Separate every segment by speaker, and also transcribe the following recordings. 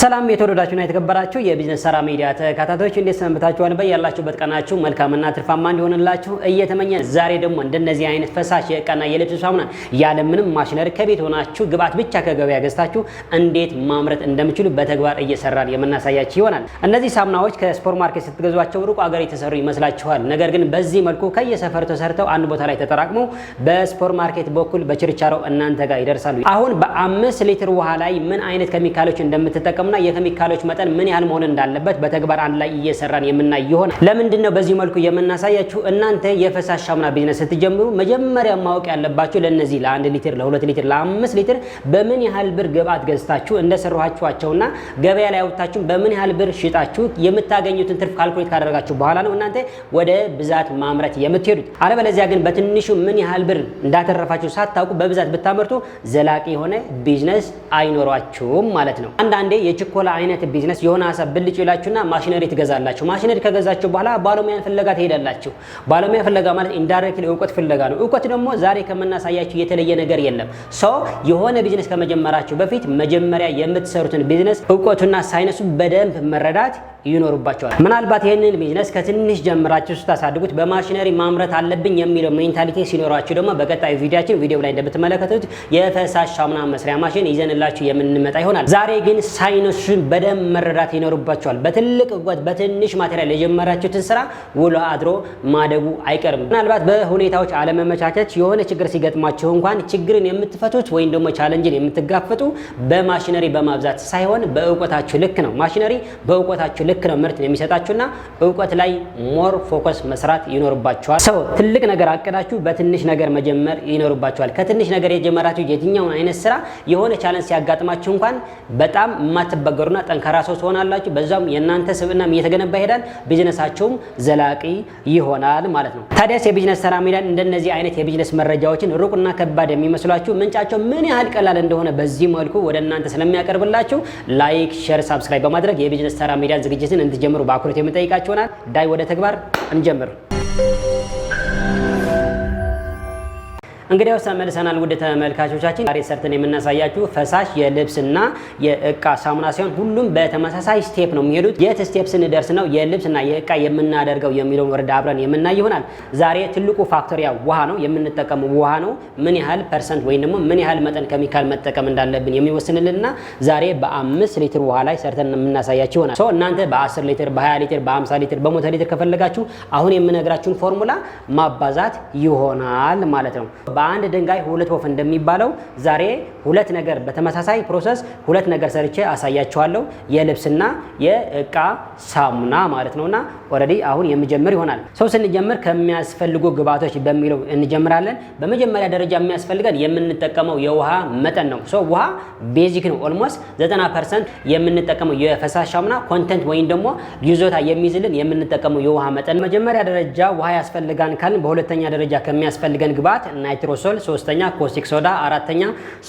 Speaker 1: ሰላም የተወደዳችሁና የተከበራችሁ የቢዝነስ ሰራ ሚዲያ ተከታታዮች እንዴት ሰንብታችኋል? በያላችሁበት ቀናችሁ መልካምና ትርፋማ እንዲሆንላችሁ እየተመኘ ዛሬ ደግሞ እንደነዚህ አይነት ፈሳሽ የእቃና የልብስ ሳሙና ያለምንም ማሽነሪ ከቤት ሆናችሁ ግብአት ብቻ ከገበያ ገዝታችሁ እንዴት ማምረት እንደምችሉ በተግባር እየሰራን የምናሳያችሁ ይሆናል። እነዚህ ሳሙናዎች ከሱፐር ማርኬት ስትገዟቸው ሩቅ ሀገር የተሰሩ ይመስላችኋል። ነገር ግን በዚህ መልኩ ከየሰፈር ተሰርተው አንድ ቦታ ላይ ተጠራቅመው በሱፐር ማርኬት በኩል በችርቻሮ እናንተ ጋር ይደርሳሉ። አሁን በአምስት ሊትር ውሃ ላይ ምን አይነት ኬሚካሎች እንደምትጠቀሙ ጥቅምና የኬሚካሎች መጠን ምን ያህል መሆን እንዳለበት በተግባር አንድ ላይ እየሰራን የምናይ ይሆን። ለምንድን ነው በዚህ መልኩ የምናሳያችሁ? እናንተ የፈሳሽ ሳሙና ቢዝነስ ስትጀምሩ መጀመሪያ ማወቅ ያለባችሁ ለነዚህ ለአንድ ሊትር፣ ለሁለት ሊትር፣ ለአምስት ሊትር በምን ያህል ብር ግብአት ገዝታችሁ እንደሰራችኋቸውና ገበያ ላይ አውጥታችሁ በምን ያህል ብር ሽጣችሁ የምታገኙትን ትርፍ ካልኩሌት ካደረጋችሁ በኋላ ነው እናንተ ወደ ብዛት ማምረት የምትሄዱት። አለበለዚያ ግን በትንሹ ምን ያህል ብር እንዳተረፋችሁ ሳታውቁ በብዛት ብታመርቱ ዘላቂ የሆነ ቢዝነስ አይኖሯችሁም ማለት ነው። አንዳንዴ የችኮላ አይነት ቢዝነስ የሆነ ሀሳብ ብልጭ ይላችሁና ማሽነሪ ትገዛላችሁ። ማሽነሪ ከገዛችሁ በኋላ ባለሙያን ፍለጋ ትሄዳላችሁ። ባለሙያ ፍለጋ ማለት ኢንዳይሬክት እውቀት ፍለጋ ነው። እውቀት ደግሞ ዛሬ ከምናሳያችሁ የተለየ ነገር የለም። ሰው የሆነ ቢዝነስ ከመጀመራችሁ በፊት መጀመሪያ የምትሰሩትን ቢዝነስ እውቀቱና ሳይንሱ በደንብ መረዳት ይኖሩባቸዋል። ምናልባት ይህንን ቢዝነስ ከትንሽ ጀምራችሁ ስታሳድጉት በማሽነሪ ማምረት አለብኝ የሚለው ሜንታሊቲ ሲኖራችሁ ደግሞ በቀጣዩ ቪዲዮችን ቪዲዮ ላይ እንደምትመለከቱት የፈሳሽ ሳሙና መስሪያ ማሽን ይዘንላችሁ የምንመጣ ይሆናል። ዛሬ ግን ሳይንሱን በደንብ መረዳት ይኖሩባቸዋል። በትልቅ እውቀት በትንሽ ማቴሪያል የጀመራችሁትን ስራ ውሎ አድሮ ማደጉ አይቀርም። ምናልባት በሁኔታዎች አለመመቻቸት የሆነ ችግር ሲገጥማችሁ እንኳን ችግርን የምትፈቱት ወይም ደግሞ ቻለንጅን የምትጋፈጡ በማሽነሪ በማብዛት ሳይሆን በእውቀታችሁ ልክ ነው። ማሽነሪ በእውቀታችሁ ልክ ልክ ነው ምርት የሚሰጣችሁና እውቀት ላይ ሞር ፎከስ መስራት ይኖርባችኋል። ሰው ትልቅ ነገር አቅዳችሁ በትንሽ ነገር መጀመር ይኖርባችኋል። ከትንሽ ነገር የጀመራችሁ የትኛውን አይነት ስራ የሆነ ቻለንጅ ሲያጋጥማችሁ እንኳን በጣም የማትበገሩና ጠንካራ ሰው ትሆናላችሁ። በዛም የእናንተ ስብዕናም እየተገነባ ይሄዳል። ቢዝነሳችሁም ዘላቂ ይሆናል ማለት ነው። ታዲያስ የቢዝነስ ተራ ሚዳን እንደነዚህ አይነት የቢዝነስ መረጃዎችን ሩቅና ከባድ የሚመስሏችሁ ምንጫቸው ምን ያህል ቀላል እንደሆነ በዚህ መልኩ ወደ እናንተ ስለሚያቀርብላችሁ ላይክ፣ ሼር፣ ሳብስክራይብ በማድረግ የቢዝነስ ተራ ሚዲያን ዝግጅ ዝግጅትን እንድጀምሩ በአኩሪት የምንጠይቃችሁ ይሆናል። ዳይ ወደ ተግባር እንጀምር። እንግዲያውስ ተመልሰናል ውድ ተመልካቾቻችን። ዛሬ ሰርተን የምናሳያችሁ ፈሳሽ የልብስና የእቃ ሳሙና ሲሆን ሁሉም በተመሳሳይ ስቴፕ ነው የሚሄዱት። የት ስቴፕ ስንደርስ ነው የልብስና የእቃ የምናደርገው የሚለውን ወረዳ አብረን የምናይ ይሆናል። ዛሬ ትልቁ ፋክተር ያው ውሃ ነው የምንጠቀመው። ውሃ ነው ምን ያህል ፐርሰንት ወይም ደግሞ ምን ያህል መጠን ኬሚካል መጠቀም እንዳለብን የሚወስንልንና ዛሬ በአምስት ሊትር ውሃ ላይ ሰርተን የምናሳያችሁ ይሆናል። እናንተ በ10 ሊትር፣ በ20 ሊትር፣ በ50 ሊትር፣ በሞተ ሊትር ከፈለጋችሁ አሁን የምነግራችሁን ፎርሙላ ማባዛት ይሆናል ማለት ነው። በአንድ ድንጋይ ሁለት ወፍ እንደሚባለው ዛሬ ሁለት ነገር በተመሳሳይ ፕሮሰስ ሁለት ነገር ሰርቼ አሳያችኋለሁ። የልብስና የእቃ ሳሙና ማለት ነውና ኦልሬዲ አሁን የምጀምር ይሆናል። ሰው ስንጀምር ከሚያስፈልጉ ግብዓቶች በሚለው እንጀምራለን። በመጀመሪያ ደረጃ የሚያስፈልገን የምንጠቀመው የውሃ መጠን ነው። ሰው ውሃ ቤዚክ ነው። ኦልሞስት 90 ፐርሰንት የምንጠቀመው የፈሳሽ ሳሙና ኮንተንት ወይም ደግሞ ይዞታ የሚይዝልን የምንጠቀመው የውሃ መጠን። መጀመሪያ ደረጃ ውሃ ያስፈልጋን ካልን በሁለተኛ ደረጃ ከሚያስፈልገን ግብዓት ናይትሮሶል፣ ሶስተኛ ኮስቲክ ሶዳ፣ አራተኛ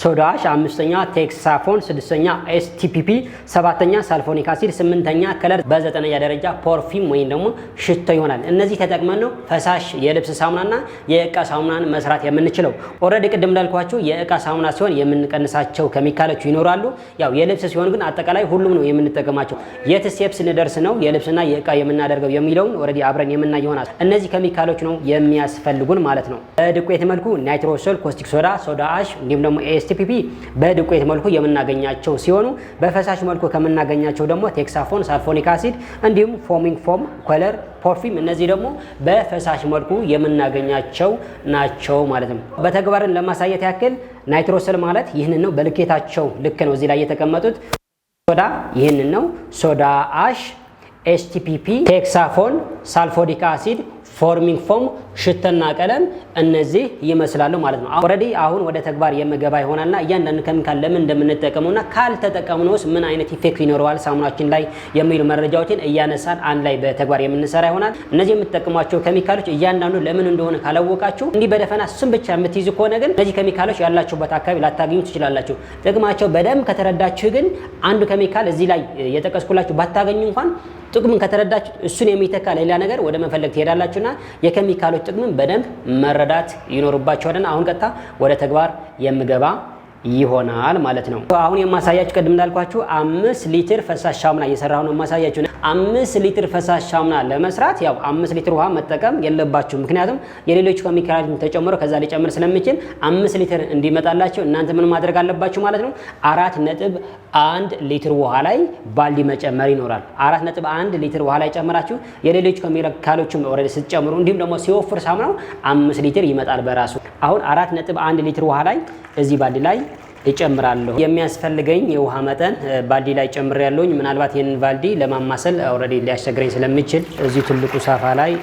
Speaker 1: ሶዳ አሽ፣ አምስተኛ ቴክሳፎን፣ ስድስተኛ ኤስቲፒፒ፣ ሰባተኛ ሳልፎኒክ አሲድ፣ ስምንተኛ ከለር፣ በዘጠነኛ ደረጃ ፖርፊም ወይም ወይም ደግሞ ሽቶ ይሆናል። እነዚህ ተጠቅመን ነው ፈሳሽ የልብስ ሳሙናና የእቃ ሳሙናን መስራት የምንችለው። ኦልሬዲ ቅድም እንዳልኳችሁ የእቃ ሳሙና ሲሆን የምንቀንሳቸው ኬሚካሎች ይኖራሉ። ያው የልብስ ሲሆን ግን አጠቃላይ ሁሉም ነው የምንጠቀማቸው። የት ስቴፕ ስንደርስ ነው የልብስና የእቃ የምናደርገው የሚለውን ኦልሬዲ አብረን የምናይ ይሆናል። እነዚህ ኬሚካሎች ነው የሚያስፈልጉን ማለት ነው። በድቁት መልኩ ናይትሮሶል፣ ኮስቲክ ሶዳ፣ ሶዳ አሽ እንዲሁም ደግሞ ኤስቲፒፒ በድቁት መልኩ የምናገኛቸው ሲሆኑ በፈሳሽ መልኩ ከምናገኛቸው ደግሞ ቴክሳፎን፣ ሳልፎኒክ አሲድ እንዲሁም ፎሚንግ ፎም ኮለር፣ ፐርፊም እነዚህ ደግሞ በፈሳሽ መልኩ የምናገኛቸው ናቸው ማለት ነው። በተግባርን ለማሳየት ያክል ናይትሮስል ማለት ይህንን ነው። በልኬታቸው ልክ ነው እዚህ ላይ የተቀመጡት። ሶዳ ይህንን ነው። ሶዳ አሽ፣ ኤችቲፒፒ፣ ቴክሳፎን፣ ሳልፎዲክ አሲድ፣ ፎርሚንግ ፎም፣ ሽተና ቀለም እነዚህ ይመስላሉ ማለት ነው። ኦልሬዲ አሁን ወደ ተግባር የምገባ ይሆናልና እያንዳንዱ ኬሚካል ለምን እንደምንጠቀመውና ካልተጠቀምነውስ ምን አይነት ኢፌክት ይኖረዋል ሳሙናችን ላይ የሚሉ መረጃዎችን እያነሳን አንድ ላይ በተግባር የምንሰራ ይሆናል። እነዚህ የምትጠቅሟቸው ኬሚካሎች እያንዳንዱ ለምን እንደሆነ ካላወቃችሁ እንዲህ በደፈና ስም ብቻ የምትይዙ ከሆነ ግን እነዚህ ኬሚካሎች ያላችሁበት አካባቢ ላታገኙ ትችላላችሁ። ጥቅማቸው በደንብ ከተረዳችሁ ግን አንዱ ኬሚካል እዚህ ላይ የጠቀስኩላችሁ ባታገኙ እንኳን ጥቅምን ከተረዳችሁ እሱን የሚተካ ሌላ ነገር ወደ መፈለግ ትሄዳላችሁና የኬሚካሎች ጥቅምን በደንብ መረዳ መረዳት ይኖርባቸዋልና አሁን ቀጥታ ወደ ተግባር የምገባ ይሆናል ማለት ነው። አሁን የማሳያችሁ ቅድም እንዳልኳችሁ አምስት ሊትር ፈሳሽ ሳሙና እየሰራሁ ነው የማሳያችሁ። አምስት ሊትር ፈሳሽ ሳሙና ለመስራት ያው አምስት ሊትር ውሃ መጠቀም የለባችሁ። ምክንያቱም የሌሎች ኬሚካሎች ተጨምሮ ከዛ ሊጨምር ስለሚችል አምስት ሊትር እንዲመጣላቸው እናንተ ምን ማድረግ አለባችሁ ማለት ነው። አራት ነጥብ አንድ ሊትር ውሃ ላይ ባልዲ መጨመር ይኖራል። አራት ነጥብ አንድ ሊትር ውሃ ላይ ጨምራችሁ የሌሎች ኬሚካሎችም ኦልሬዲ ስትጨምሩ እንዲሁም ደግሞ ሲወፍር ሳሙናው አምስት ሊትር ይመጣል በራሱ። አሁን አራት ነጥብ አንድ ሊትር ውሃ ላይ እዚህ ባልዲ ላይ እጨምራለሁ። የሚያስፈልገኝ የውሃ መጠን ባልዲ ላይ ጨምር ያለውኝ ምናልባት ይህንን ባልዲ ለማማሰል አውረዴ ሊያስቸግረኝ ስለሚችል እዚሁ ትልቁ ሳፋ ላይ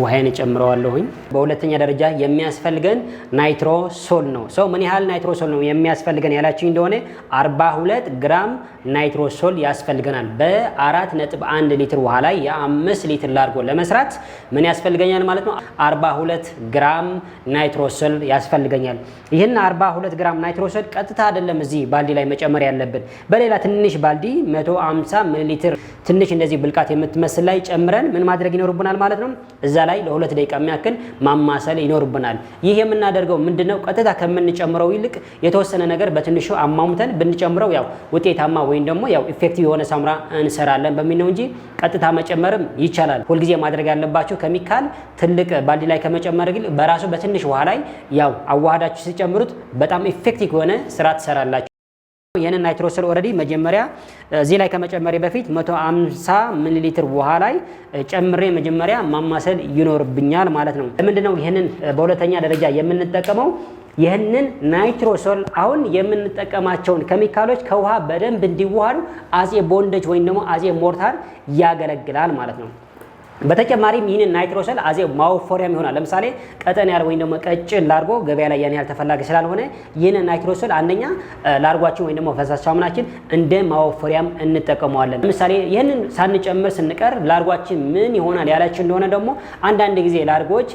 Speaker 1: ውሃይን እጨምረዋለሁኝ። በሁለተኛ ደረጃ የሚያስፈልገን ናይትሮ ሶል ነው። ሰው ምን ያህል ናይትሮ ሶል ነው የሚያስፈልገን ያላችሁ እንደሆነ 42 ግራም ናይትሮሶል ያስፈልገናል። በአራት ነጥብ አንድ ሊትር ውሃ ላይ የአምስት ሊትር ላርጎ ለመስራት ምን ያስፈልገኛል ማለት ነው? 42 ግራም ናይትሮሶል ያስፈልገኛል። ይህን 42 ግራም ናይትሮሶል ቀጥታ አይደለም እዚህ ባልዲ ላይ መጨመር ያለብን፣ በሌላ ትንሽ ባልዲ 150 ሚሊ ሊትር ትንሽ እንደዚህ ብልቃት የምትመስል ላይ ጨምረን ምን ማድረግ ይኖርብናል ማለት ነው እዛ ላይ ለሁለት ደቂቃ የሚያክል ማማሰል ይኖርብናል። ይህ የምናደርገው ምንድነው? ቀጥታ ከምንጨምረው ይልቅ የተወሰነ ነገር በትንሹ አሟሙተን ብንጨምረው ያው ውጤታማ ወይም ደግሞ ያው ኢፌክቲቭ የሆነ ሳምራ እንሰራለን በሚል ነው እንጂ ቀጥታ መጨመርም ይቻላል። ሁልጊዜ ማድረግ ያለባችሁ ኬሚካል ትልቅ ባልዲ ላይ ከመጨመር ግን በራሱ በትንሽ ውሃ ላይ ያው አዋህዳችሁ ሲጨምሩት በጣም ኢፌክቲቭ የሆነ ስራ ትሰራላችሁ። ይህንን ናይትሮስል ኦልሬዲ መጀመሪያ እዚህ ላይ ከመጨመሪ በፊት 150 ሚሊ ሊትር ውሃ ላይ ጨምሬ መጀመሪያ ማማሰል ይኖርብኛል ማለት ነው። ለምንድነው ይህንን በሁለተኛ ደረጃ የምንጠቀመው? ይህንን ናይትሮሶል አሁን የምንጠቀማቸውን ኬሚካሎች ከውሃ በደንብ እንዲዋሃዱ አጼ ቦንደጅ ወይም ደግሞ አጼ ሞርታር ያገለግላል ማለት ነው። በተጨማሪም ይህንን ናይትሮሰል አዜ ማወፈሪያም ይሆናል። ለምሳሌ ቀጠን ያል ወይም ደግሞ ቀጭን ላርጎ ገበያ ላይ ያን ያህል ተፈላጊ ስላልሆነ ይህንን ናይትሮሰል አንደኛ ላርጓችን ወይም ደግሞ ፈሳሽ ሳሙናችን እንደ ማወፈሪያም እንጠቀመዋለን። ለምሳሌ ይህንን ሳንጨምር ስንቀር ላርጓችን ምን ይሆናል ያላችን እንደሆነ ደግሞ አንዳንድ ጊዜ ላርጎች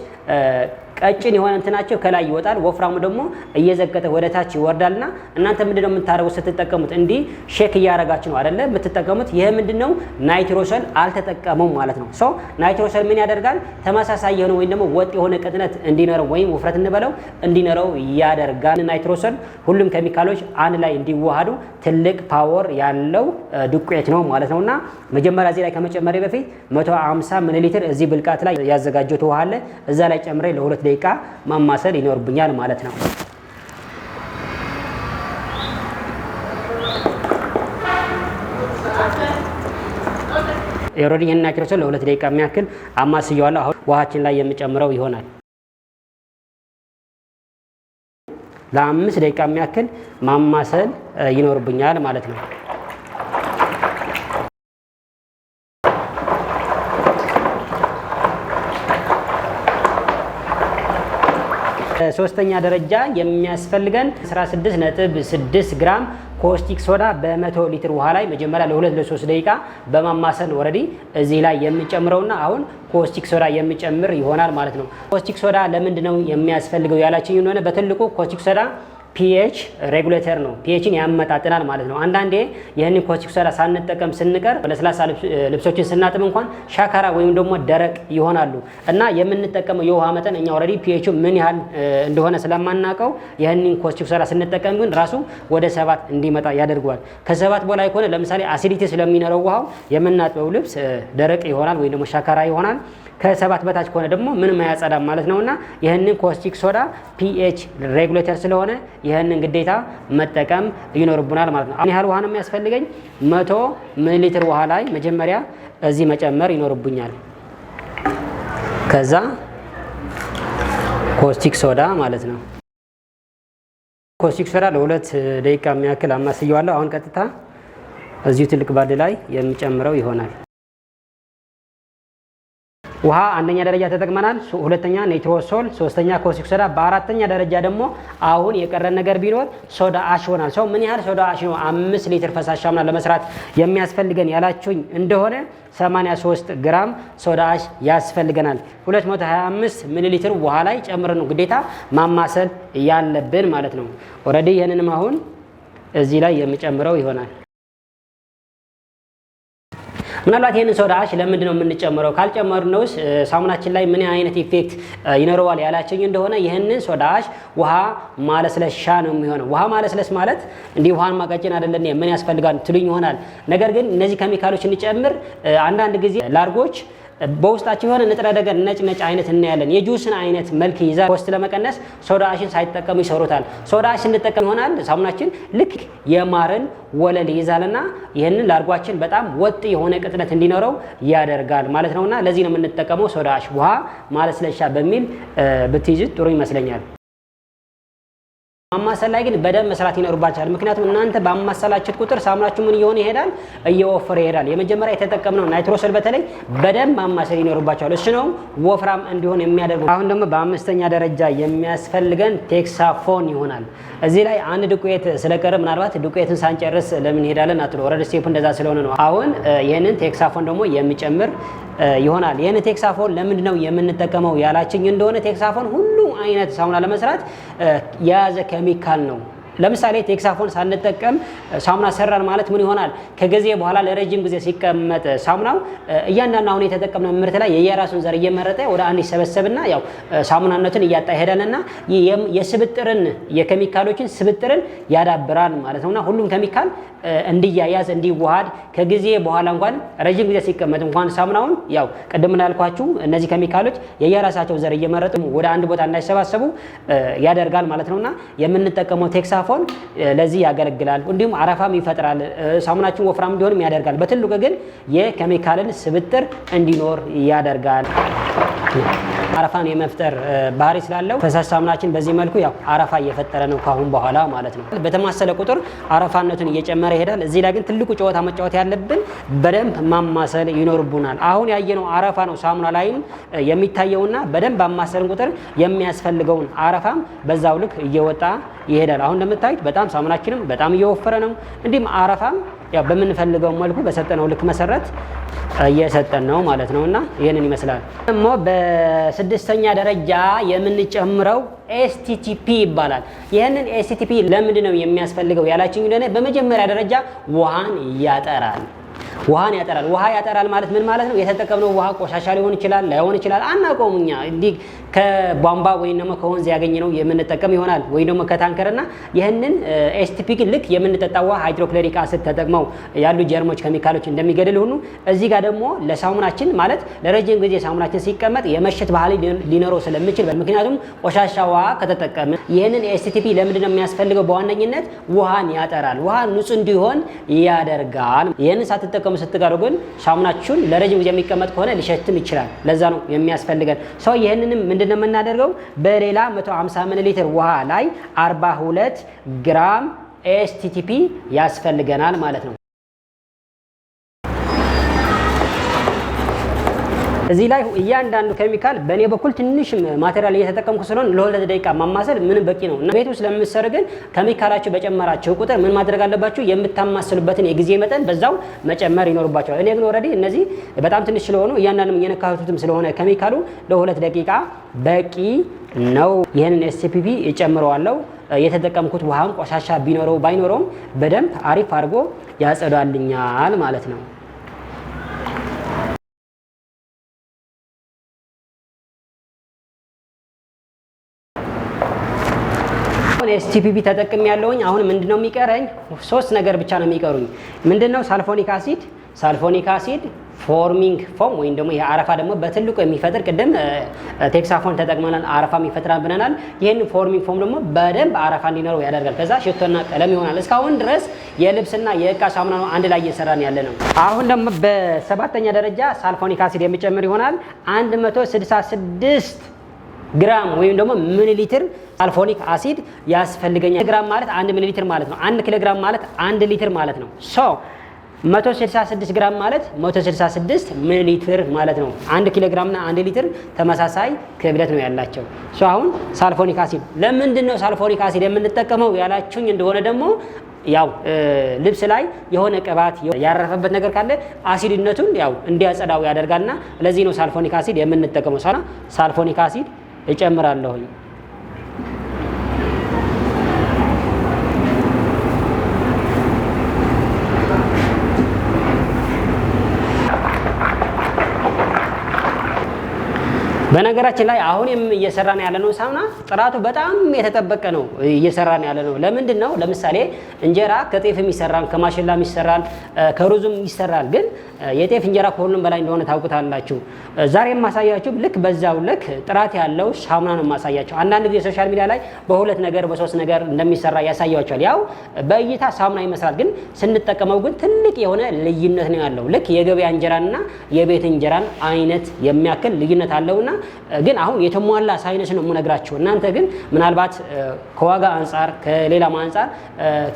Speaker 1: ቀጭን የሆነ እንትናቸው ከላይ ይወጣል፣ ወፍራሙ ደግሞ እየዘገጠ ወደ ታች ይወርዳልና እናንተ ምንድነው የምታደርጉት ስትጠቀሙት? እንዲህ ሼክ እያረጋችሁ ነው አይደለ የምትጠቀሙት። ይህ ምንድነው ናይትሮሰል አልተጠቀሙም ማለት ነው። ሶ ናይትሮሰል ምን ያደርጋል? ተመሳሳይ የሆነ ወይም ደግሞ ወጥ የሆነ ቅጥነት እንዲኖረው ወይም ውፍረት እንበለው እንዲኖረው ያደርጋል። ናይትሮሰል ሁሉም ኬሚካሎች አንድ ላይ እንዲዋሃዱ ትልቅ ፓወር ያለው ዱቄት ነው ማለት ነውና መጀመሪያ እዚህ ላይ ከመጨመሪ በፊት 150 ሚሊሊትር ሊትር እዚህ ብልቃት ላይ ያዘጋጀው ውሃ እዛ ላይ ጨምሬ ለሁለት ደቂቃ ማማሰል ይኖርብኛል ማለት ነው። የሮድ ይህን ለሁለት ደቂቃ የሚያክል አማስየዋለሁ። አሁን ውሃችን ላይ የምጨምረው ይሆናል። ለአምስት ደቂቃ የሚያክል ማማሰል ይኖርብኛል ማለት ነው። ሶስተኛ ደረጃ የሚያስፈልገን 16.6 ግራም ኮስቲክ ሶዳ በ በ100 ሊትር ውሃ ላይ መጀመሪያ ለሁለት ለሶስት ደቂቃ በማማሰል ወረዲ እዚህ ላይ የምንጨምረውና አሁን ኮስቲክ ሶዳ የምጨምር ይሆናል ማለት ነው። ኮስቲክ ሶዳ ለምንድነው የሚያስፈልገው ያላችኝ እንደሆነ በትልቁ ኮስቲክ ሶዳ ፒኤች ሬጉሌተር ነው። ፒኤችን ያመጣጥናል ማለት ነው። አንዳንዴ ይህንን ኮስቲክ ሶዳ ሳንጠቀም ስንቀር ለስላሳ ልብሶችን ስናጥብ እንኳን ሻካራ ወይም ደግሞ ደረቅ ይሆናሉ እና የምንጠቀመው የውሃ መጠን እኛ ኦልሬዲ ፒኤቹ ምን ያህል እንደሆነ ስለማናውቀው ይህንን ኮስቲክ ሶዳ ስንጠቀም ግን ራሱ ወደ ሰባት እንዲመጣ ያደርገዋል። ከሰባት በላይ ከሆነ ለምሳሌ አሲዲቲ ስለሚኖረው ውሃው የምናጥበው ልብስ ደረቅ ይሆናል ወይም ደግሞ ሻካራ ይሆናል። ከሰባት በታች ከሆነ ደግሞ ምንም አያጸዳም ማለት ነው እና ይህንን ኮስቲክ ሶዳ ፒኤች ሬጉሌተር ስለሆነ ይህንን ግዴታ መጠቀም ይኖርብናል ማለት ነው። አሁን ያህል ውሃ ነው የሚያስፈልገኝ። መቶ ሚሊ ሊትር ውሃ ላይ መጀመሪያ እዚህ መጨመር ይኖርብኛል። ከዛ ኮስቲክ ሶዳ ማለት ነው። ኮስቲክ ሶዳ ለሁለት ደቂቃ የሚያክል አማስየዋለሁ። አሁን ቀጥታ እዚሁ ትልቅ ባል ላይ የሚጨምረው ይሆናል። ውሃ አንደኛ ደረጃ ተጠቅመናል። ሁለተኛ ኔትሮሶል፣ ሶስተኛ ኮሲክ ሶዳ፣ በአራተኛ ደረጃ ደግሞ አሁን የቀረ ነገር ቢኖር ሶዳ አሽ ሆናል። ሰው ምን ያህል ሶዳ አሽ ነው አምስት ሊትር ፈሳሽ ሳሙና ለመስራት የሚያስፈልገን ያላችሁኝ እንደሆነ 83 ግራም ሶዳ አሽ ያስፈልገናል። 225 ሚሊ ሊትር ውሃ ላይ ጨምረን ነው ግዴታ ማማሰል ያለብን ማለት ነው። ኦልሬዲ ይህንንም አሁን እዚህ ላይ የሚጨምረው ይሆናል። ምናልባት ይህንን ሶዳ አሽ ለምንድን ነው የምንጨምረው? ካልጨመርነውስ ሳሙናችን ላይ ምን አይነት ኢፌክት ይኖረዋል ያላቸኝ እንደሆነ ይህንን ሶዳ አሽ ውሃ ማለስለሻ ነው የሚሆነው። ውሃ ማለስለስ ማለት እንዲህ ውሃን ማቀጭን አደለን ምን ያስፈልጋል ትሉኝ ይሆናል። ነገር ግን እነዚህ ኬሚካሎች እንጨምር አንዳንድ ጊዜ ላርጎች በውስጣቸው የሆነ ንጥረ ነገር ነጭ ነጭ አይነት እናያለን። የጁስን አይነት መልክ ይዛ ኮስት ለመቀነስ ሶዳ አሽን ሳይጠቀሙ ይሰሩታል። ሶዳ አሽ እንጠቀም ይሆናል። ሳሙናችን ልክ የማርን ወለል ይይዛልና ይህንን ላርጓችን በጣም ወጥ የሆነ ቅጥነት እንዲኖረው ያደርጋል ማለት ነውና ለዚህ ነው የምንጠቀመው ሶዳ አሽ ውሃ ማለስለሻ በሚል ብትይዙት ጥሩ ይመስለኛል። ማማሰል ላይ ግን በደንብ መስራት ይኖርባችኋል። ምክንያቱም እናንተ ባማሰላችሁት ቁጥር ሳሙናችሁ ምን እየሆነ ይሄዳል? እየወፈረ ይሄዳል። የመጀመሪያ የተጠቀምነው ናይትሮሰል በተለይ በደንብ ማማሰል ይኖርባችኋል። እሱ ነው ወፍራም እንዲሆን የሚያደርጉ። አሁን ደግሞ በአምስተኛ ደረጃ የሚያስፈልገን ቴክሳፎን ይሆናል። እዚህ ላይ አንድ ዱቄት ስለቀረ ምናልባት ዱቄትን ሳንጨርስ ለምን እንሄዳለን አትሎ ረድ ስቴፑ እንደዛ ስለሆነ ነው። አሁን ይህንን ቴክሳፎን ደግሞ የሚጨምር ይሆናል። ይህን ቴክሳፎን ለምንድነው የምንጠቀመው ያላችኝ እንደሆነ ቴክሳፎን ሁሉም አይነት ሳሙና ለመስራት የያዘ ኬሚካል ነው ለምሳሌ ቴክሳፎን ሳንጠቀም ሳሙና ሰራን ማለት ምን ይሆናል? ከጊዜ በኋላ ለረጅም ጊዜ ሲቀመጥ ሳሙናው እያንዳንዱ አሁን የተጠቀምነው ምርት ላይ የየራሱን ዘር እየመረጠ ወደ አንድ ይሰበሰብና ያው ሳሙናነቱን እያጣ ይሄዳልና የስብጥርን የኬሚካሎችን ስብጥርን ያዳብራል ማለት ነውና ሁሉም ኬሚካል እንዲያያዝ እንዲዋሃድ ከጊዜ በኋላ እንኳን ረጅም ጊዜ ሲቀመጥ እንኳን ሳሙናውን ያው ቅድም እንዳልኳችሁ እነዚህ ኬሚካሎች የየራሳቸው ዘር እየመረጡ ወደ አንድ ቦታ እንዳይሰባሰቡ ያደርጋል ማለት ነውና የምንጠቀመው ቴክሳ ፓራፎን ለዚህ ያገለግላል። እንዲሁም አረፋም ይፈጥራል። ሳሙናችን ወፍራም እንዲሆንም ያደርጋል። በትልቁ ግን የኬሚካልን ስብጥር እንዲኖር ያደርጋል። አረፋን የመፍጠር ባህሪ ስላለው ፈሳሽ ሳሙናችን በዚህ መልኩ ያው አረፋ እየፈጠረ ነው ካሁን በኋላ ማለት ነው። በተማሰለ ቁጥር አረፋነቱን እየጨመረ ይሄዳል። እዚህ ላይ ግን ትልቁ ጨዋታ መጫወት ያለብን በደንብ ማማሰል ይኖርብናል። አሁን ያየነው አረፋ ነው ሳሙና ላይም የሚታየውና በደንብ ባማሰልን ቁጥር የሚያስፈልገውን አረፋም በዛው ልክ እየወጣ ይሄዳል። አሁን እንደምታዩት በጣም ሳሙናችንም በጣም እየወፈረ ነው። እንዲሁም አረፋም ያው በምንፈልገው መልኩ በሰጠነው ልክ መሰረት እየሰጠን ነው ማለት ነው እና ይህንን ይመስላል። ደግሞ በስድስተኛ ደረጃ የምንጨምረው ኤስቲቲፒ ይባላል። ይህንን ኤስቲቲፒ ለምንድን ነው የሚያስፈልገው ያላችሁ በመጀመሪያ ደረጃ ውሃን ያጠራል። ውሃን ያጠራል። ውሃ ያጠራል ማለት ምን ማለት ነው? የተጠቀምነው ውሃ ቆሻሻ ሊሆን ይችላል፣ ላይሆን ይችላል፣ አናውቀውም እኛ እንዲህ ከቧንቧ ወይም ደግሞ ከወንዝ ያገኘነው የምንጠቀም ይሆናል ወይም ደግሞ ከታንከርና ይህንን ኤስቲፒ ልክ የምንጠጣ ውሃ ሃይድሮክሎሪክ አሲድ ተጠቅመው ያሉ ጀርሞች ኬሚካሎች እንደሚገድል ሁኑ እዚህ ጋር ደግሞ ለሳሙናችን ማለት ለረጅም ጊዜ ሳሙናችን ሲቀመጥ የመሸት ባህል ሊኖረው ስለሚችል ምክንያቱም ቆሻሻ ውሃ ከተጠቀምን ይህንን ኤስቲፒ ለምንድን ነው የሚያስፈልገው? በዋነኝነት ውሃን ያጠራል። ውሃ ንጹህ እንዲሆን ያደርጋል። ይህንን ሳትጠቀ ስትጠቀሙ ስትቀሩ ግን ሳሙናችሁን ለረጅም ጊዜ የሚቀመጥ ከሆነ ሊሸትም ይችላል። ለዛ ነው የሚያስፈልገን ሰው። ይህንንም ምንድነው የምናደርገው? በሌላ 150 ሚሊ ሊትር ውሃ ላይ 42 ግራም ኤስቲቲፒ ያስፈልገናል ማለት ነው። እዚህ ላይ እያንዳንዱ ኬሚካል በእኔ በኩል ትንሽ ማቴሪያል እየተጠቀምኩ ስለሆን ለሁለት ደቂቃ ማማሰል ምንም በቂ ነው። ቤት ውስጥ ለምትሰሩ ግን ኬሚካላችሁ በጨመራችሁ ቁጥር ምን ማድረግ አለባችሁ? የምታማስሉበትን የጊዜ መጠን በዛው መጨመር ይኖርባቸዋል። እኔ ግን ኦልሬዲ እነዚህ በጣም ትንሽ ስለሆኑ እያንዳንዱም እየነካቱትም ስለሆነ ኬሚካሉ ለሁለት ደቂቃ በቂ ነው። ይህንን ኤስፒፒ እጨምረዋለሁ። የተጠቀምኩት ውሃም ቆሻሻ ቢኖረው ባይኖረውም በደንብ አሪፍ አድርጎ ያጸዳልኛል ማለት ነው። ኤስቲፒቢ ተጠቅም ያለውኝ። አሁን ምንድነው የሚቀረኝ? ሶስት ነገር ብቻ ነው የሚቀሩኝ። ምንድነው? ሳልፎኒክ አሲድ ሳልፎኒክ አሲድ ፎርሚንግ ፎም ወይም ደግሞ የአረፋ ደግሞ በትልቁ የሚፈጥር ቅድም ቴክሳፎን ተጠቅመናል፣ አረፋ ይፈጥራል ብለናል። ይህን ፎርሚንግ ፎም ደግሞ በደንብ አረፋ እንዲኖረው ያደርጋል። ከዛ ሽቶና ቀለም ይሆናል። እስካሁን ድረስ የልብስና የእቃ ሳሙና ነው አንድ ላይ እየሰራን ያለ ነው። አሁን ደግሞ በሰባተኛ ደረጃ ሳልፎኒክ አሲድ የሚጨምር ይሆናል 166 ግራም ወይም ደግሞ ምን ሊትር አልፎሊክ አሲድ ያስፈልገኛል። ግራም ማለት አንድ ሚሊ ሊትር ማለት ነው። አንድ ኪሎ ግራም ማለት አንድ ሊትር ማለት ነው። ሶ 166 ግራም ማለት 166 ሚሊ ሊትር ማለት ነው። አንድ ኪሎ ግራም እና አንድ ሊትር ተመሳሳይ ክብደት ነው ያላቸው። ሶ አሁን ሳልፎኒክ አሲድ ለምንድን ነው ሳልፎኒክ አሲድ የምንጠቀመው ያላችሁኝ እንደሆነ ደግሞ ያው ልብስ ላይ የሆነ ቅባት ያረፈበት ነገር ካለ አሲድነቱን ያው እንዲያጸዳው ያደርጋልና ለዚህ ነው ሳልፎኒክ አሲድ የምንጠቀመው። ሳልፎኒክ አሲድ እጨምራለሁኝ በነገራችን ላይ አሁን እየሰራን ያለ ነው ሳሙና ጥራቱ በጣም የተጠበቀ ነው። እየሰራን ያለነው ለምንድን ነው? ለምሳሌ እንጀራ ከጤፍም ይሰራል፣ ከማሽላም ይሰራል፣ ከሩዝም ይሰራል። ግን የጤፍ እንጀራ ከሁሉም በላይ እንደሆነ ታውቁታላችሁ። ዛሬ የማሳያችሁ ልክ በዛው ልክ ጥራት ያለው ሳሙና ነው የማሳያችሁ። አንዳንድ ጊዜ ሶሻል ሚዲያ ላይ በሁለት ነገር በሶስት ነገር እንደሚሰራ ያሳያቸዋል። ያው በእይታ ሳሙና ይመስላል፣ ግን ስንጠቀመው ግን ትልቅ የሆነ ልዩነት ነው ያለው። ልክ የገበያ እንጀራንና የቤት እንጀራን አይነት የሚያክል ልዩነት አለውና ግን አሁን የተሟላ ሳይንስ ነው የምነግራቸው። እናንተ ግን ምናልባት ከዋጋ አንጻር ከሌላም አንጻር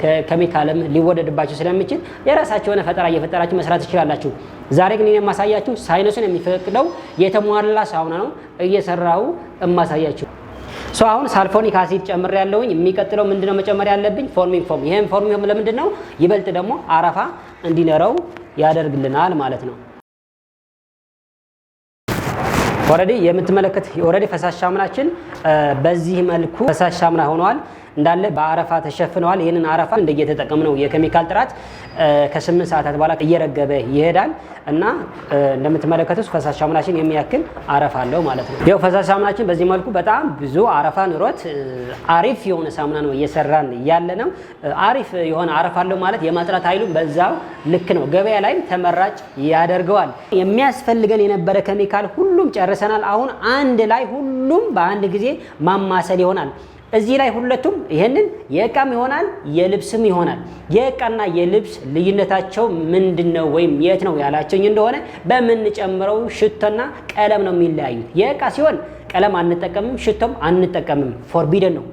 Speaker 1: ከኬሚካልም ሊወደድባቸው ስለሚችል የራሳቸው የሆነ ፈጠራ እየፈጠራችሁ መስራት ትችላላችሁ። ዛሬ ግን የማሳያችሁ ሳይንሱን የሚፈቅደው የተሟላ ሳውና ነው እየሰራሁ የማሳያችሁ። ሶ አሁን ሳልፎኒክ አሲድ ጨምር ያለውኝ። የሚቀጥለው ምንድነው መጨመር ያለብኝ? ፎርሚንግ ፎም። ይሄን ፎርሚንግ ፎም ለምንድን ነው? ይበልጥ ደግሞ አረፋ እንዲኖረው ያደርግልናል ማለት ነው። ኦልሬዲ የምትመለከት ኦልሬዲ ፈሳሽ ሳሙናችን uh, በዚህ መልኩ ፈሳሽ ሳሙና ሆኗል። እንዳለ በአረፋ ተሸፍነዋል። ይህንን አረፋ እንደየተጠቀምነው የኬሚካል ጥራት ከስምንት ሰዓታት በኋላ እየረገበ ይሄዳል እና እንደምትመለከቱት ፈሳሽ ሳሙናችን የሚያክል አረፋ አለው ማለት ነው። ይኸው ፈሳሽ ሳሙናችን በዚህ መልኩ በጣም ብዙ አረፋ ኑሮት አሪፍ የሆነ ሳሙና ነው እየሰራን ያለ ነው። አሪፍ የሆነ አረፋ አለው ማለት የማጥራት ኃይሉ በዛው ልክ ነው። ገበያ ላይም ተመራጭ ያደርገዋል። የሚያስፈልገን የነበረ ኬሚካል ሁሉም ጨርሰናል። አሁን አንድ ላይ ሁሉም በአንድ ጊዜ ማማሰል ይሆናል። እዚህ ላይ ሁለቱም ይህንን የእቃም ይሆናል የልብስም ይሆናል። የእቃና የልብስ ልዩነታቸው ምንድን ነው ወይም የት ነው ያላቸው እንደሆነ በምንጨምረው ሽቶና ቀለም ነው የሚለያዩት። የእቃ ሲሆን ቀለም አንጠቀምም፣ ሽቶም አንጠቀምም። ፎርቢደን ነው፣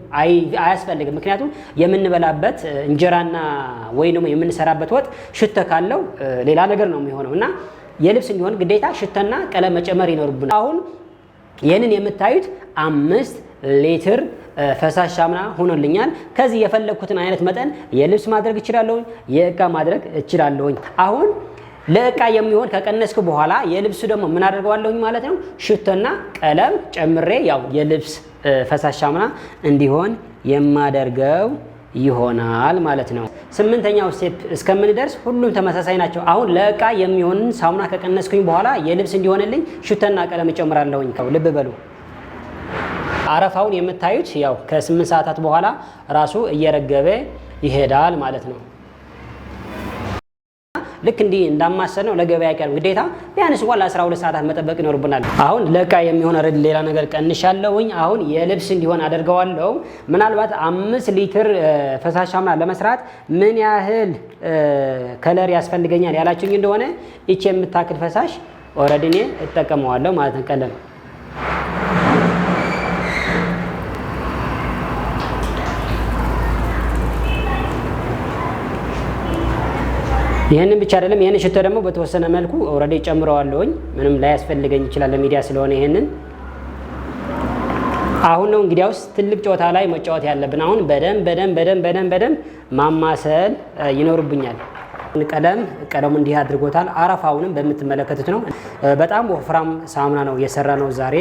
Speaker 1: አያስፈልግም። ምክንያቱም የምንበላበት እንጀራና ወይ ደግሞ የምንሰራበት ወጥ ሽቶ ካለው ሌላ ነገር ነው የሚሆነው እና የልብስ እንዲሆን ግዴታ ሽቶና ቀለም መጨመር ይኖርብናል። አሁን ይህንን የምታዩት አምስት ሊትር ፈሳሽ ሳሙና ሆኖልኛል። ከዚህ የፈለግኩትን አይነት መጠን የልብስ ማድረግ እችላለሁ የእቃ ማድረግ እችላለሁኝ። አሁን ለእቃ የሚሆን ከቀነስኩ በኋላ የልብሱ ደግሞ ምን አደርገዋለሁኝ ማለት ነው ሽቶና ቀለም ጨምሬ ያው የልብስ ፈሳሽ ሳሙና እንዲሆን የማደርገው ይሆናል ማለት ነው። ስምንተኛው ስቴፕ እስከምንደርስ ሁሉም ተመሳሳይ ናቸው። አሁን ለእቃ የሚሆንን ሳሙና ከቀነስኩኝ በኋላ የልብስ እንዲሆንልኝ ሽቶና ቀለም እጨምራለሁኝ። ልብ በሉ። አረፋውን የምታዩት ያው ከስምንት ሰዓታት በኋላ ራሱ እየረገበ ይሄዳል ማለት ነው። ልክ እንዲህ እንዳማሰል ነው ለገበያ ቀርብ ግዴታ ቢያንስ እንኳን ለ12 ሰዓታት መጠበቅ ይኖርብናል። አሁን ለቃ የሚሆን ረድ ሌላ ነገር ቀንሻለሁኝ። አሁን የልብስ እንዲሆን አደርገዋለሁ። ምናልባት አምስት ሊትር ፈሳሽ ሳሙና ለመስራት ምን ያህል ከለር ያስፈልገኛል ያላችሁኝ እንደሆነ ይቺ የምታክል ፈሳሽ ኦልሬዲ እኔ እጠቀመዋለሁ ማለት ነው ቀለም ይህንን ብቻ አይደለም። ይህን ሽቶ ደግሞ በተወሰነ መልኩ ኦልሬዲ ጨምረዋለሁኝ። ምንም ላያስፈልገኝ ይችላል ለሚዲያ ስለሆነ ይህንን አሁን ነው ውስጥ ትልቅ ጨዋታ ላይ መጫወት ያለብን። አሁን በደንብ በደንብ በደንብ በደንብ በደንብ ማማሰል ይኖርብኛል። ቀለም ቀለሙ እንዲህ አድርጎታል። አረፋውንም በምትመለከቱት ነው። በጣም ወፍራም ሳሙና ነው የሰራ ነው ዛሬ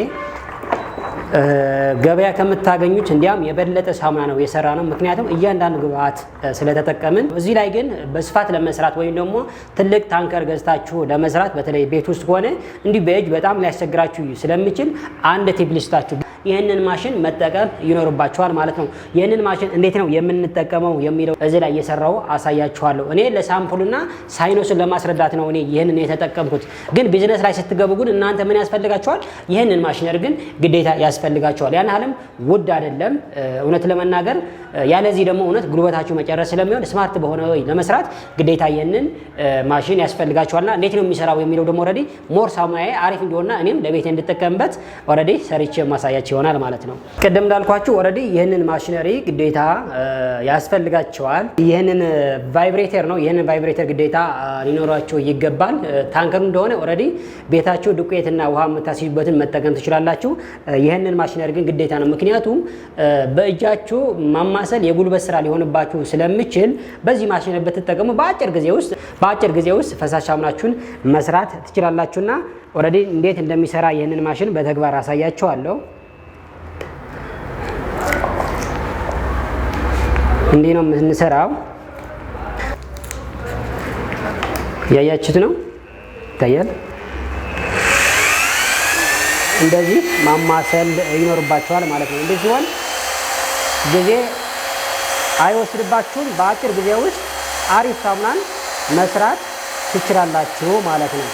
Speaker 1: ገበያ ከምታገኙት እንዲያም የበለጠ ሳሙና ነው የሰራ ነው። ምክንያቱም እያንዳንዱ ግብአት ስለተጠቀምን። እዚህ ላይ ግን በስፋት ለመስራት ወይም ደግሞ ትልቅ ታንከር ገዝታችሁ ለመስራት በተለይ ቤት ውስጥ ከሆነ እንዲህ በእጅ በጣም ሊያስቸግራችሁ ስለሚችል አንድ ቲፕ ልስጣችሁ። ይህንን ማሽን መጠቀም ይኖርባቸዋል ማለት ነው። ይህንን ማሽን እንዴት ነው የምንጠቀመው የሚለው እዚህ ላይ እየሰራው አሳያችኋለሁ። እኔ ለሳምፕሉና ሳይኖስን ለማስረዳት ነው እኔ ይህንን የተጠቀምኩት። ግን ቢዝነስ ላይ ስትገቡ ግን እናንተ ምን ያስፈልጋቸዋል? ይህንን ማሽነር ግን ግዴታ ያስፈልጋቸዋል። ያን ያህልም ውድ አይደለም እውነት ለመናገር ያለዚህ ደግሞ እውነት ጉልበታችሁ መጨረስ ስለሚሆን ስማርት በሆነ ወይ ለመስራት ግዴታ ይህንን ማሽን ያስፈልጋቸዋልና እንዴት ነው የሚሰራው የሚለው ደግሞ ኦልሬዲ ሞር ሳሙናዬ አሪፍ እንዲሆንና እኔም ለቤቴ እንድጠቀምበት ኦልሬዲ ሰርቼ ማሳያቸው ይሆናል ማለት ነው። ቅድም እንዳልኳችሁ ኦልሬዲ ይህንን ማሽነሪ ግዴታ ያስፈልጋቸዋል። ይህንን ቫይብሬተር ነው። ይህንን ቫይብሬተር ግዴታ ሊኖራቸው ይገባል። ታንከሩ እንደሆነ ኦልሬዲ ቤታችሁ ዱቄትና ውሃ የምታስዩበትን መጠቀም ትችላላችሁ። ይህንን ማሽነሪ ግን ግዴታ ነው። ምክንያቱም በእጃችሁ ማማሰል የጉልበት ስራ ሊሆንባችሁ ስለሚችል በዚህ ማሽነሪ ብትጠቀሙ በአጭር ጊዜ ውስጥ በአጭር ጊዜ ውስጥ ፈሳሽ አምናችሁን መስራት ትችላላችሁና ኦልሬዲ እንዴት እንደሚሰራ ይህንን ማሽን በተግባር አሳያችኋለሁ። እንዲህ ነው የምንሰራው። ያያችሁት ነው ይታያል። እንደዚህ ማማሰል ይኖርባቸዋል ማለት ነው። እንደዚህ ሲሆን ጊዜ አይወስድባችሁም። በአጭር ጊዜ ውስጥ አሪፍ ሳሙናን መስራት ትችላላችሁ ማለት ነው።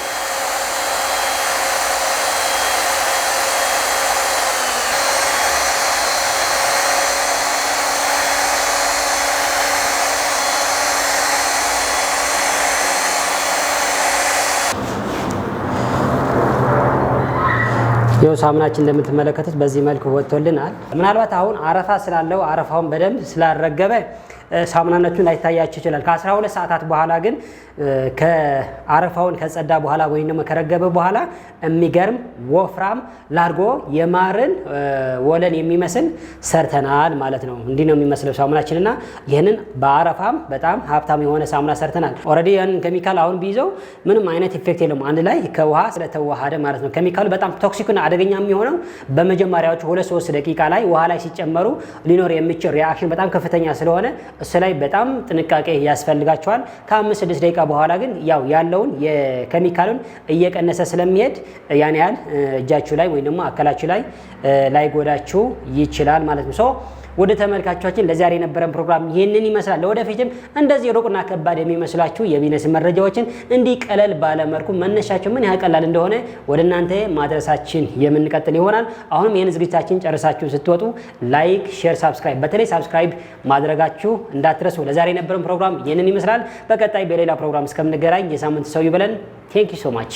Speaker 1: ይኸው ሳሙናችን እንደምትመለከቱት በዚህ መልክ ወጥቶልናል። ምናልባት አሁን አረፋ ስላለው አረፋውን በደንብ ስላረገበ። ሳሙናነቱ ላይታያቸው ይችላል። ከ12 ሰዓታት በኋላ ግን ከአረፋውን ከጸዳ በኋላ ወይም ደግሞ ከረገበ በኋላ የሚገርም ወፍራም ላርጎ የማርን ወለን የሚመስል ሰርተናል ማለት ነው። እንዲህ ነው የሚመስለው ሳሙናችን እና ይህንን በአረፋም በጣም ሀብታም የሆነ ሳሙና ሰርተናል። ኦልሬዲ ያንን ኬሚካል አሁን ቢይዘው ምንም አይነት ኢፌክት የለውም። አንድ ላይ ከውሃ ስለተዋሃደ ማለት ነው። ኬሚካሉ በጣም ቶክሲክና አደገኛ የሚሆነው በመጀመሪያዎቹ ሁለት ሶስት ደቂቃ ላይ ውሃ ላይ ሲጨመሩ ሊኖር የሚችል ሪያክሽን በጣም ከፍተኛ ስለሆነ እሱ ላይ በጣም ጥንቃቄ ያስፈልጋቸዋል። ከአምስት ስድስት ደቂቃ በኋላ ግን ያው ያለውን የኬሚካሉን እየቀነሰ ስለሚሄድ ያን ያህል እጃችሁ ላይ ወይም ደግሞ አካላችሁ ላይ ላይጎዳችሁ ይችላል ማለት ነው። ወደ ተመልካቾችን ለዛሬ የነበረን ፕሮግራም ይህንን ይመስላል። ለወደፊትም እንደዚህ ሩቅና ከባድ የሚመስላችሁ የቢዝነስ መረጃዎችን እንዲህ ቀለል ባለመልኩ መነሻቸው ምን ያህል ቀላል እንደሆነ ወደ እናንተ ማድረሳችን የምንቀጥል ይሆናል። አሁንም ይህን ዝግጅታችን ጨርሳችሁ ስትወጡ ላይክ፣ ሼር፣ ሳብስክራይብ በተለይ ሳብስክራይብ ማድረጋችሁ እንዳትረሱ። ለዛሬ የነበረን ፕሮግራም ይህንን ይመስላል። በቀጣይ በሌላ ፕሮግራም እስከምንገናኝ የሳምንት ሰው ይበለን። ቴንክ ዩ ሶ ማች